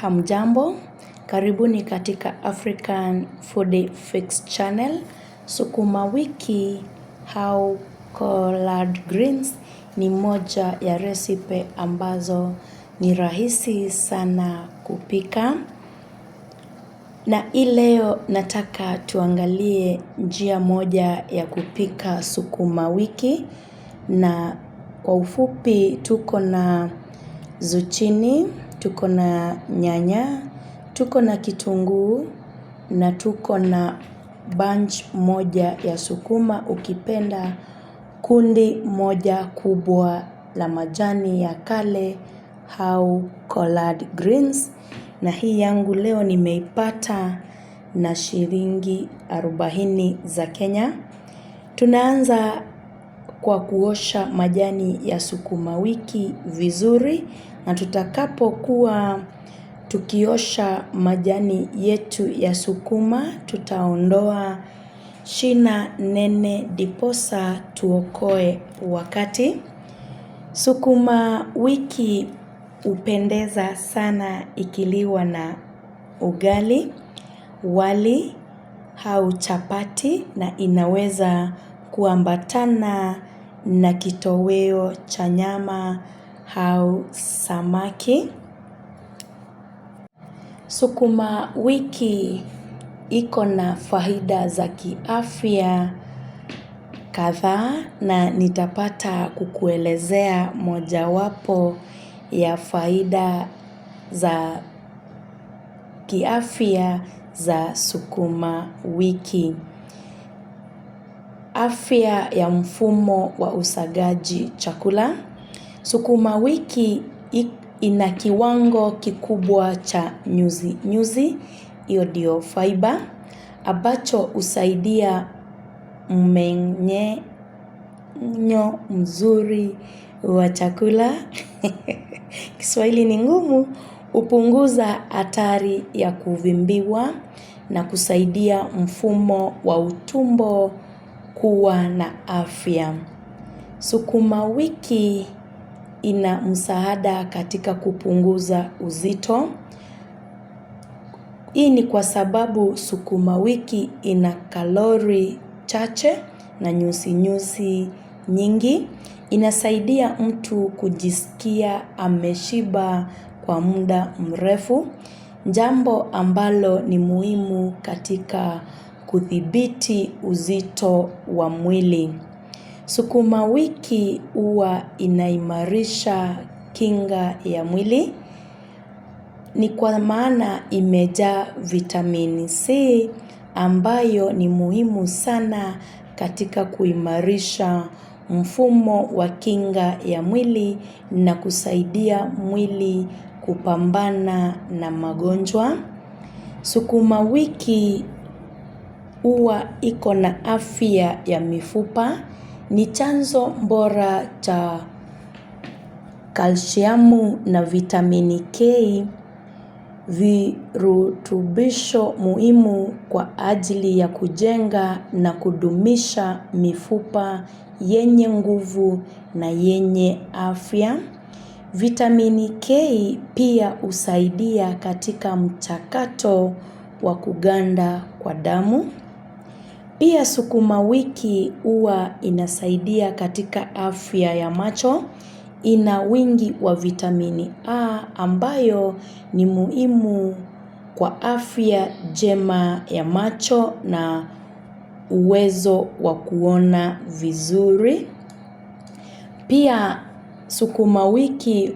Hamjambo, karibuni katika African Food Fix Channel. Sukuma wiki au collard greens ni moja ya resipe ambazo ni rahisi sana kupika, na hii leo nataka tuangalie njia moja ya kupika sukuma wiki, na kwa ufupi tuko na zucchini tuko na nyanya, tuko na kitunguu na tuko na bunch moja ya sukuma, ukipenda kundi moja kubwa la majani ya kale au collard greens. Na hii yangu leo nimeipata na shilingi arobaini za Kenya. Tunaanza kwa kuosha majani ya sukuma wiki vizuri na tutakapokuwa tukiosha majani yetu ya sukuma tutaondoa shina nene diposa tuokoe wakati. Sukuma wiki hupendeza sana ikiliwa na ugali, wali au chapati na inaweza kuambatana na kitoweo cha nyama au samaki. Sukuma wiki iko na faida za kiafya kadhaa na nitapata kukuelezea mojawapo ya faida za kiafya za sukuma wiki afya ya mfumo wa usagaji chakula. Sukuma wiki ina kiwango kikubwa cha nyuzi nyuzi, hiyo ndio fiber ambacho husaidia mmeng'enyo mzuri wa chakula. Kiswahili ni ngumu. Hupunguza hatari ya kuvimbiwa na kusaidia mfumo wa utumbo kuwa na afya. Sukuma wiki ina msaada katika kupunguza uzito. Hii ni kwa sababu sukuma wiki ina kalori chache na nyuzi nyuzi nyingi. Inasaidia mtu kujisikia ameshiba kwa muda mrefu. Jambo ambalo ni muhimu katika kudhibiti uzito wa mwili. Sukuma wiki huwa inaimarisha kinga ya mwili ni kwa maana imejaa vitamini C ambayo ni muhimu sana katika kuimarisha mfumo wa kinga ya mwili na kusaidia mwili kupambana na magonjwa. Sukuma wiki huwa iko na afya ya mifupa, ni chanzo bora cha kalsiamu na vitamini K, virutubisho muhimu kwa ajili ya kujenga na kudumisha mifupa yenye nguvu na yenye afya. Vitamini K pia husaidia katika mchakato wa kuganda kwa damu. Pia sukuma wiki huwa inasaidia katika afya ya macho, ina wingi wa vitamini A ambayo ni muhimu kwa afya njema ya macho na uwezo wa kuona vizuri. Pia sukuma wiki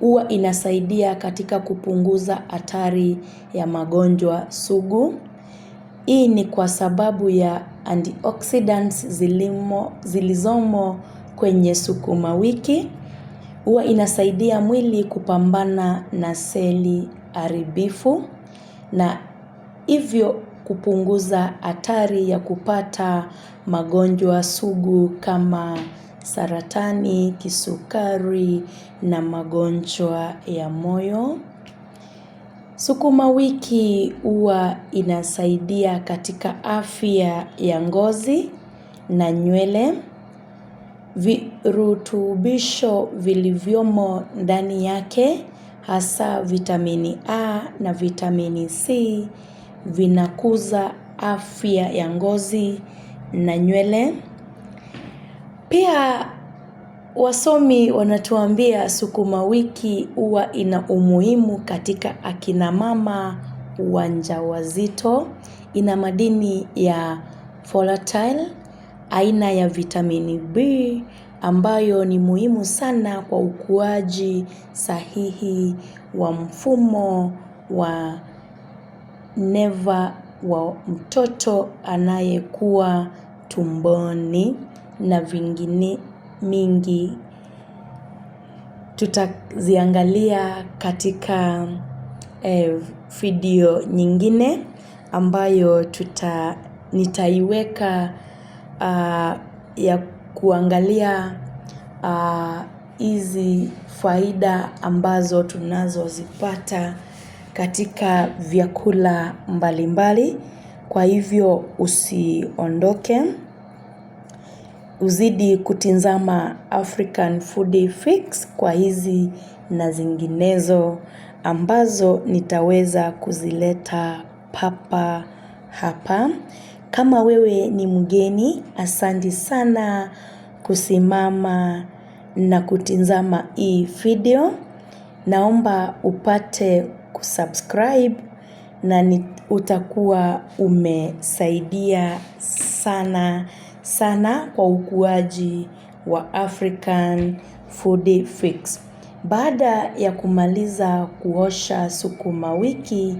huwa inasaidia katika kupunguza hatari ya magonjwa sugu. Hii ni kwa sababu ya antioxidants zilimo, zilizomo kwenye sukuma wiki. Huwa inasaidia mwili kupambana na seli haribifu na hivyo kupunguza hatari ya kupata magonjwa sugu kama saratani, kisukari na magonjwa ya moyo. Sukuma wiki huwa inasaidia katika afya ya ngozi na nywele. Virutubisho vilivyomo ndani yake hasa vitamini A na vitamini C vinakuza afya ya ngozi na nywele. Pia Wasomi wanatuambia sukuma wiki huwa ina umuhimu katika akina mama wajawazito. Ina madini ya folatail, aina ya vitamini B ambayo ni muhimu sana kwa ukuaji sahihi wa mfumo wa neva wa mtoto anayekuwa tumboni na vingine mingi tutaziangalia katika eh, video nyingine ambayo tuta nitaiweka ah, ya kuangalia ah, hizi faida ambazo tunazozipata katika vyakula mbalimbali kwa hivyo usiondoke uzidi kutinzama African Food Fix kwa hizi na zinginezo ambazo nitaweza kuzileta papa hapa. Kama wewe ni mgeni, asanti sana kusimama na kutinzama hii video. Naomba upate kusubscribe na utakuwa umesaidia sana sana kwa ukuaji wa African food fix. Baada ya kumaliza kuosha sukuma wiki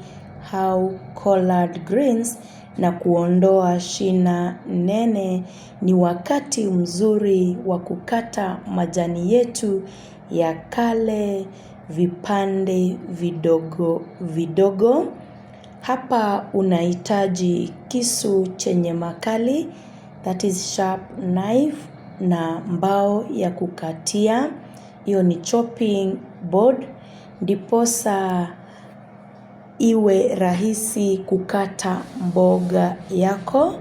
au collard greens na kuondoa shina nene ni wakati mzuri wa kukata majani yetu ya kale vipande vidogo vidogo. Hapa unahitaji kisu chenye makali that is sharp knife na mbao ya kukatia, hiyo ni chopping board, ndiposa iwe rahisi kukata mboga yako.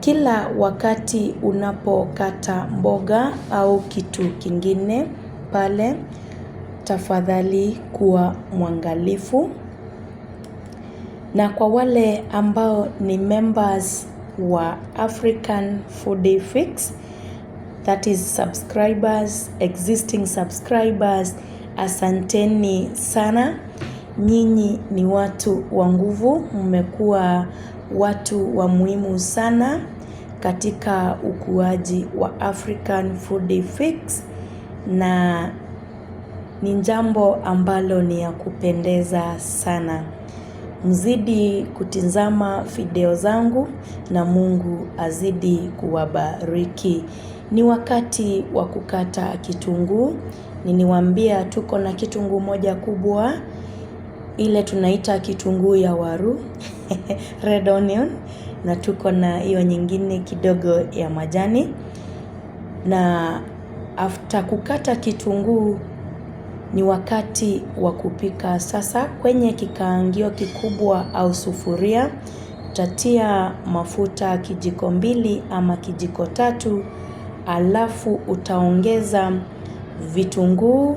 Kila wakati unapokata mboga au kitu kingine pale, tafadhali kuwa mwangalifu. Na kwa wale ambao ni members wa African Food Fix that is subscribers, existing subscribers, asanteni sana. Nyinyi ni watu wa nguvu, mmekuwa watu wa muhimu sana katika ukuaji wa African Food Fix na ni jambo ambalo ni ya kupendeza sana mzidi kutizama video zangu na Mungu azidi kuwabariki. Ni wakati wa kukata kitunguu. Niniwaambia tuko na kitunguu moja kubwa ile tunaita kitunguu ya waru red onion, na tuko na hiyo nyingine kidogo ya majani. Na after kukata kitunguu ni wakati wa kupika sasa. Kwenye kikaangio kikubwa au sufuria, utatia mafuta kijiko mbili ama kijiko tatu, alafu utaongeza vitunguu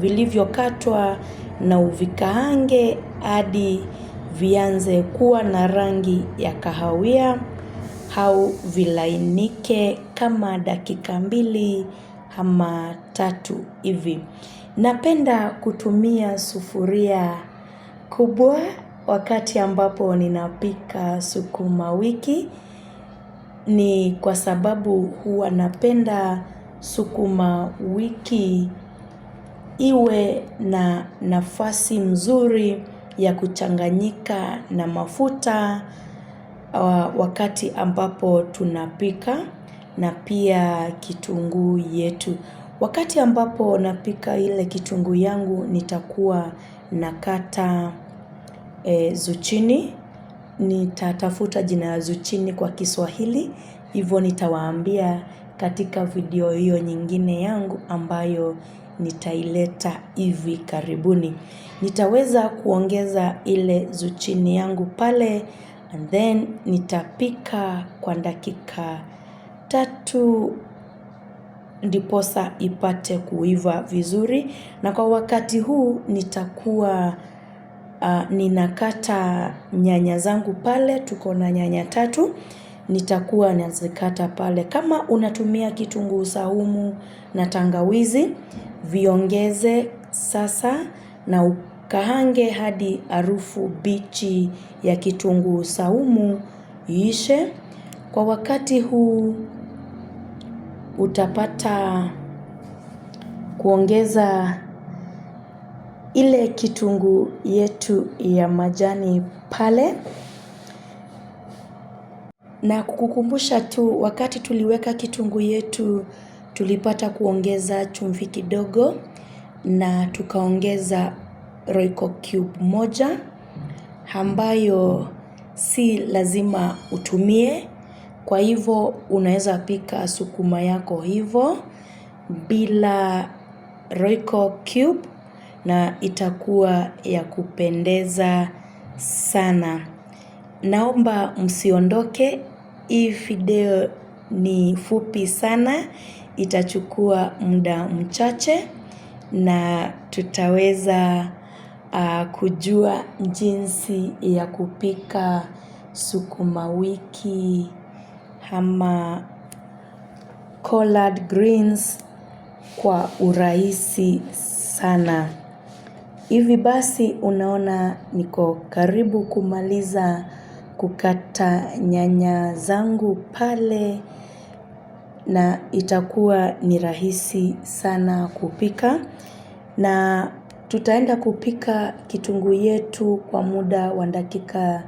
vilivyokatwa na uvikaange hadi vianze kuwa na rangi ya kahawia au vilainike kama dakika mbili ama tatu hivi. Napenda kutumia sufuria kubwa wakati ambapo ninapika sukuma wiki ni kwa sababu huwa napenda sukuma wiki iwe na nafasi mzuri ya kuchanganyika na mafuta ah, wakati ambapo tunapika na pia kitunguu yetu. Wakati ambapo napika ile kitunguu yangu nitakuwa nakata eh, zuchini, nitatafuta jina ya zuchini kwa kiswahili, hivyo nitawaambia katika video hiyo nyingine yangu ambayo nitaileta hivi karibuni. Nitaweza kuongeza ile zuchini yangu pale and then nitapika kwa dakika tatu ndiposa ipate kuiva vizuri. Na kwa wakati huu nitakuwa uh, ninakata nyanya zangu pale, tuko na nyanya tatu nitakuwa nazikata pale. Kama unatumia kitunguu saumu na tangawizi, viongeze sasa na ukahange hadi harufu bichi ya kitunguu saumu iishe. Kwa wakati huu utapata kuongeza ile kitungu yetu ya majani pale na kukukumbusha tu, wakati tuliweka kitungu yetu tulipata kuongeza chumvi kidogo, na tukaongeza royco cube moja ambayo si lazima utumie kwa hivyo unaweza pika sukuma yako hivyo bila royco cube na itakuwa ya kupendeza sana. Naomba msiondoke, hii video ni fupi sana, itachukua muda mchache na tutaweza uh, kujua jinsi ya kupika sukuma wiki ama collard greens kwa urahisi sana. Hivi basi unaona niko karibu kumaliza kukata nyanya zangu pale na itakuwa ni rahisi sana kupika na tutaenda kupika kitunguu yetu kwa muda wa dakika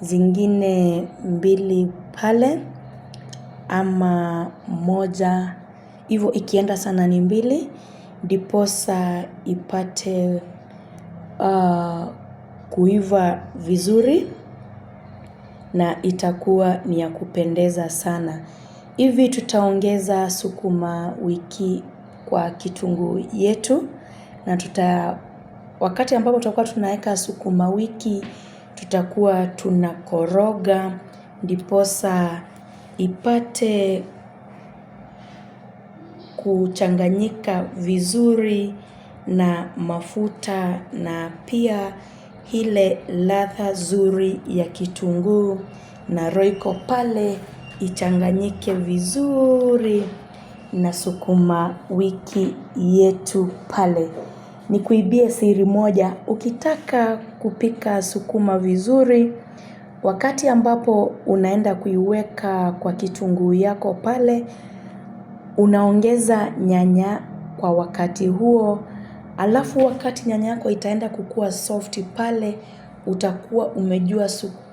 zingine mbili pale ama moja, hivyo ikienda sana ni mbili, ndiposa ipate ah, kuiva vizuri na itakuwa ni ya kupendeza sana. Hivi tutaongeza sukuma wiki kwa kitunguu yetu na tuta wakati ambapo tutakuwa tunaweka sukuma wiki tutakuwa tunakoroga ndiposa ipate kuchanganyika vizuri na mafuta na pia ile ladha zuri ya kitunguu na roiko pale ichanganyike vizuri na sukuma wiki yetu pale. Nikuibie siri moja, ukitaka kupika sukuma vizuri Wakati ambapo unaenda kuiweka kwa kitunguu yako pale, unaongeza nyanya kwa wakati huo. Alafu wakati nyanya yako itaenda kukua soft pale, utakuwa umejua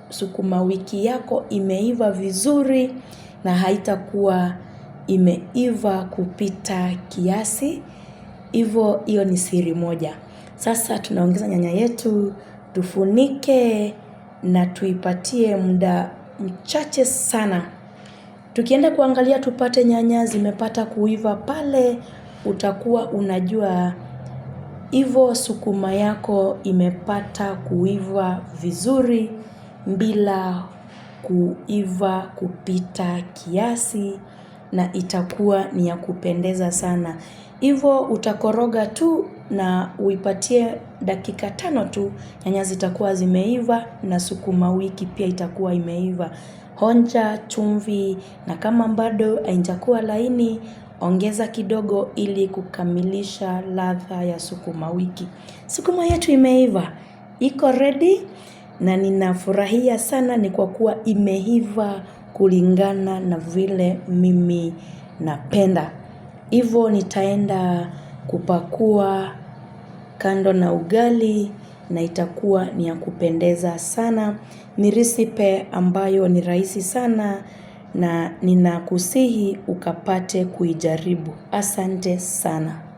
sukuma wiki yako imeiva vizuri na haitakuwa imeiva kupita kiasi. Hivo hiyo ni siri moja. Sasa tunaongeza nyanya yetu, tufunike na tuipatie muda mchache sana. Tukienda kuangalia tupate nyanya zimepata kuiva pale, utakuwa unajua hivyo sukuma yako imepata kuiva vizuri bila kuiva kupita kiasi na itakuwa ni ya kupendeza sana. Hivyo utakoroga tu na uipatie dakika tano tu, nyanya zitakuwa zimeiva na sukuma wiki pia itakuwa imeiva. Honja chumvi, na kama bado haitakuwa laini, ongeza kidogo ili kukamilisha ladha ya sukuma wiki. Sukuma yetu imeiva, iko ready na ninafurahia sana ni kwa kuwa imeiva kulingana na vile mimi napenda. Hivyo nitaenda kupakua kando na ugali na itakuwa ni ya kupendeza sana. Ni risipe ambayo ni rahisi sana na ninakusihi ukapate kuijaribu. Asante sana.